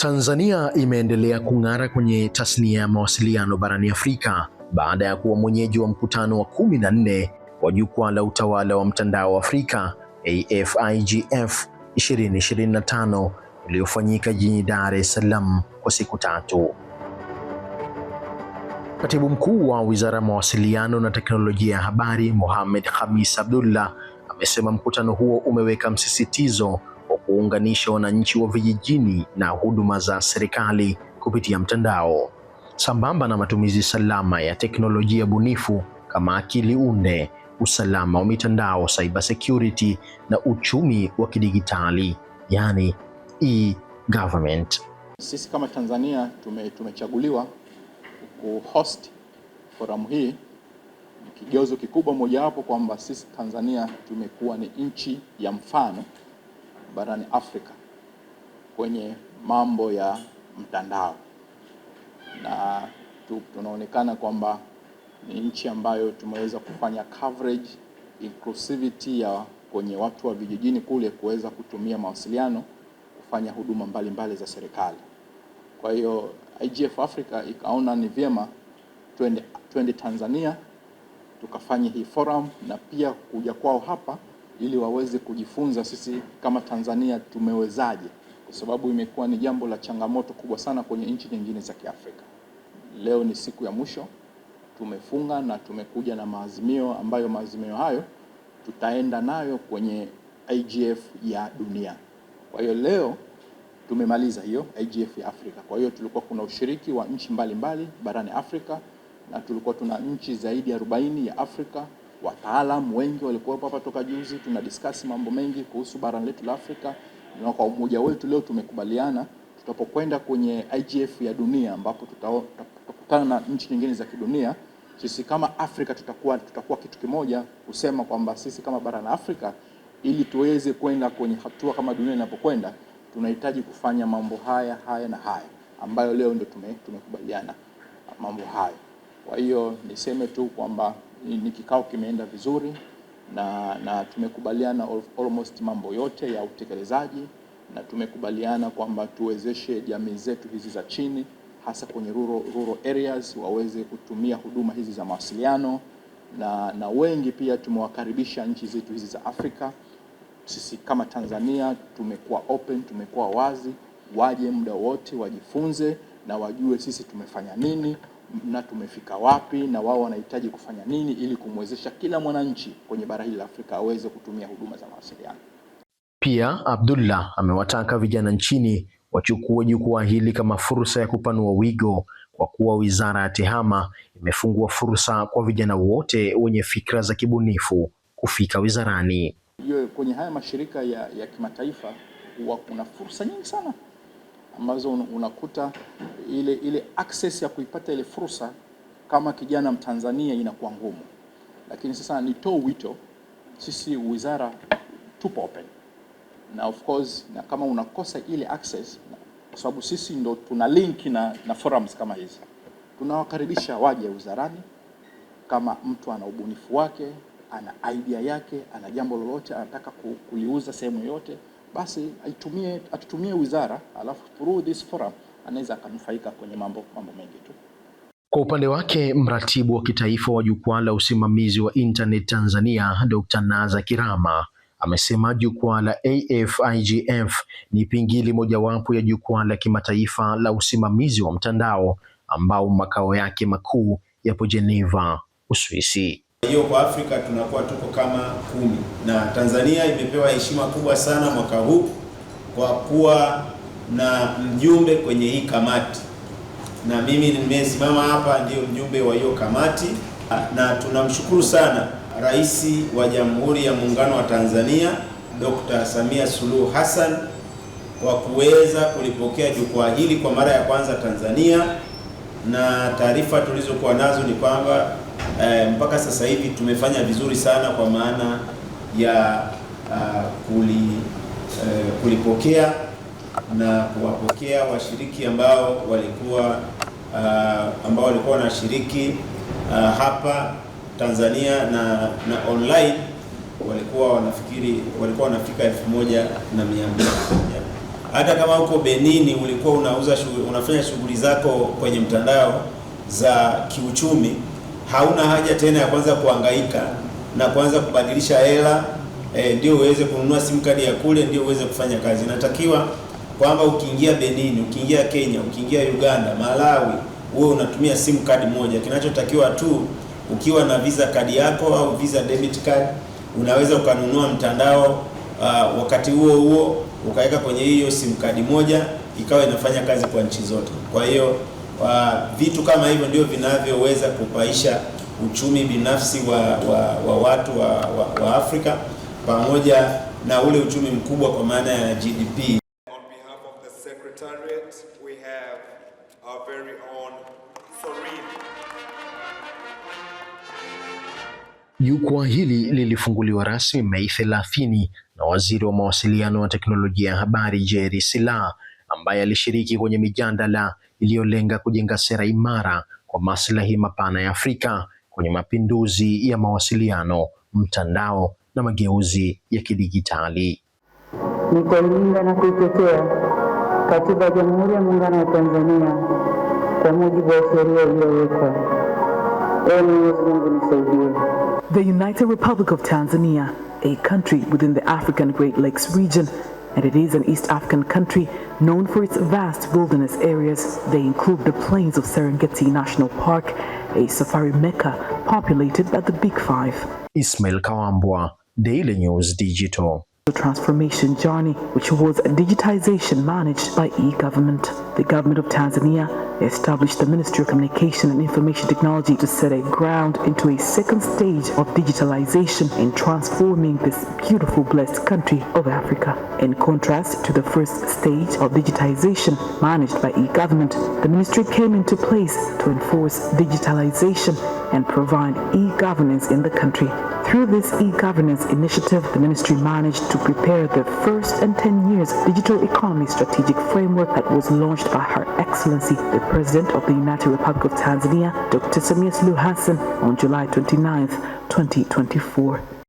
Tanzania imeendelea kung'ara kwenye tasnia ya mawasiliano barani Afrika baada ya kuwa mwenyeji wa mkutano wa 14 wa jukwaa la utawala wa mtandao wa Afrika AFIGF 2025 uliofanyika jijini Dar es Salaam kwa siku tatu. Katibu Mkuu wa Wizara ya Mawasiliano na Teknolojia ya Habari, Mohamed Khamis Abdullah, amesema mkutano huo umeweka msisitizo kuunganisha wananchi wa vijijini na huduma za serikali kupitia mtandao, sambamba na matumizi salama ya teknolojia bunifu kama akili unde, usalama wa mitandao, cyber security na uchumi wa kidigitali, yani e-government. Sisi kama Tanzania tume, tumechaguliwa kuhost forum hii kigezo kikubwa mojawapo kwamba sisi Tanzania tumekuwa ni nchi ya mfano barani Afrika kwenye mambo ya mtandao, na tunaonekana kwamba ni nchi ambayo tumeweza kufanya coverage inclusivity ya kwenye watu wa vijijini kule kuweza kutumia mawasiliano kufanya huduma mbalimbali mbali za serikali. Kwa hiyo IGF Africa ikaona ni vyema twende twende Tanzania tukafanye hii forum na pia kuja kwao hapa ili waweze kujifunza sisi kama Tanzania tumewezaje, kwa sababu imekuwa ni jambo la changamoto kubwa sana kwenye nchi nyingine za Kiafrika. Leo ni siku ya mwisho, tumefunga na tumekuja na maazimio ambayo maazimio hayo tutaenda nayo kwenye IGF ya dunia. Kwa hiyo leo tumemaliza hiyo IGF ya Afrika. Kwa hiyo tulikuwa kuna ushiriki wa nchi mbalimbali barani Afrika na tulikuwa tuna nchi zaidi ya 40 ya Afrika wataalam wengi walikuwepo hapa toka juzi, tuna discuss mambo mengi kuhusu bara letu la Afrika, na kwa umoja wetu leo tumekubaliana tutapokwenda kwenye IGF ya dunia ambapo tutakutana na nchi nyingine za kidunia, sisi kama Afrika tutakuwa tutakuwa kitu kimoja kusema kwamba sisi kama bara la Afrika ili tuweze kwenda kwenye hatua kama dunia inapokwenda, tunahitaji kufanya mambo haya haya na haya ambayo leo ndio tume, tumekubaliana mambo hayo. Kwa hiyo niseme tu kwamba ni kikao kimeenda vizuri na, na tumekubaliana almost mambo yote ya utekelezaji na tumekubaliana kwamba tuwezeshe jamii zetu hizi za chini hasa kwenye rural, rural areas waweze kutumia huduma hizi za mawasiliano na, na wengi pia tumewakaribisha nchi zetu hizi za Afrika. Sisi kama Tanzania tumekuwa open, tumekuwa wazi, waje muda wote wajifunze na wajue sisi tumefanya nini na tumefika wapi na wao wanahitaji kufanya nini ili kumwezesha kila mwananchi kwenye bara hili la Afrika aweze kutumia huduma za mawasiliano. Pia Abdullah amewataka vijana nchini wachukue jukwaa hili kama fursa ya kupanua wigo kwa kuwa Wizara ya Tehama imefungua fursa kwa vijana wote wenye fikra za kibunifu kufika wizarani. Hiyo kwenye haya mashirika ya, ya kimataifa huwa kuna fursa nyingi sana ambazo unakuta ile ile access ya kuipata ile fursa kama kijana Mtanzania inakuwa ngumu. Lakini sasa nitoe wito, sisi wizara tupo open na of course, na kama unakosa ile access, kwa sababu sisi ndo tuna link na, na forums kama hizi, tunawakaribisha waje wizarani. Kama mtu ana ubunifu wake, ana idea yake, ana jambo lolote anataka kuliuza sehemu yoyote basi aitumie, atutumie wizara, alafu through this forum anaweza akanufaika kwenye mambo mambo mengi tu. Kwa upande wake mratibu wa kitaifa wa jukwaa la usimamizi wa internet Tanzania, Dr. Naza Kirama amesema jukwaa la AFIGF ni pingili mojawapo ya jukwaa la kimataifa la usimamizi wa mtandao ambao makao yake makuu yapo Geneva, Uswisi. Hiyo kwa Afrika tunakuwa tuko kama kumi na Tanzania imepewa heshima kubwa sana mwaka huu kwa kuwa na mjumbe kwenye hii kamati, na mimi nimesimama hapa ndiyo mjumbe wa hiyo kamati, na tunamshukuru sana Rais wa Jamhuri ya Muungano wa Tanzania Dr. Samia Suluhu Hassan kwa kuweza kulipokea jukwaa hili kwa mara ya kwanza Tanzania, na taarifa tulizokuwa nazo ni kwamba eh, mpaka sasa hivi tumefanya vizuri sana kwa maana ya uh, kuli, uh, kulipokea na kuwapokea washiriki ambao walikuwa uh, ambao walikuwa wanashiriki uh, hapa Tanzania na, na online walikuwa wanafikiri walikuwa wanafika elfu moja na mia hata kama huko Benini ulikuwa unauza unafanya shughuli zako kwenye mtandao za kiuchumi, hauna haja tena ya kwanza kuhangaika na kuanza kubadilisha hela e, ndio uweze kununua sim kadi ya kule, ndio uweze kufanya kazi. Inatakiwa kwamba ukiingia Benin, ukiingia Kenya, ukiingia Uganda, Malawi, wewe unatumia sim kadi moja. Kinachotakiwa tu ukiwa na visa kadi yako au visa debit card, unaweza ukanunua mtandao uh, wakati huo huo ukaweka kwenye hiyo sim kadi moja, ikawa inafanya kazi kwa nchi zote. Kwa hiyo uh, vitu kama hivyo ndio vinavyoweza kupaisha uchumi binafsi wa, wa, wa watu wa, wa, wa Afrika pamoja na ule uchumi mkubwa kwa maana ya GDP. On behalf of the Secretariat, we have our very own Sorin. Jukwaa hili lilifunguliwa rasmi Mei 30 na Waziri wa Mawasiliano na Teknolojia ya Habari, Jerry Silaa, ambaye alishiriki kwenye mijadala iliyolenga kujenga sera imara kwa maslahi mapana ya Afrika kwenye mapinduzi ya mawasiliano, mtandao na mageuzi ya kidijitali. Ni kuilinda na kuitetea Katiba ya Jamhuri ya Muungano wa Tanzania kwa mujibu wa sheria iliyowekwa. Ee Mwenyezi Mungu nisaidie. The United Republic of Tanzania, a country within the African Great Lakes region, and it is an East African country known for its vast wilderness areas. They include the plains of Serengeti National Park a safari mecca populated by the Big Five. Ismail Kawambwa, Daily News Digital. transformation journey, which was a digitization managed by e-government. The government of Tanzania established the Ministry of Communication and Information Technology to set a ground into a second stage of digitalization in transforming this beautiful, blessed country of Africa. In contrast to the first stage of digitization managed by e-government, the ministry came into place to enforce digitalization and provide e-governance in the country. Through this e-governance initiative, the ministry managed to prepare the first and 10 years digital economy strategic framework that was launched by Her Excellency, the President of the United Republic of Tanzania, Dr. Samia Suluhu Hassan, on July 29, 2024.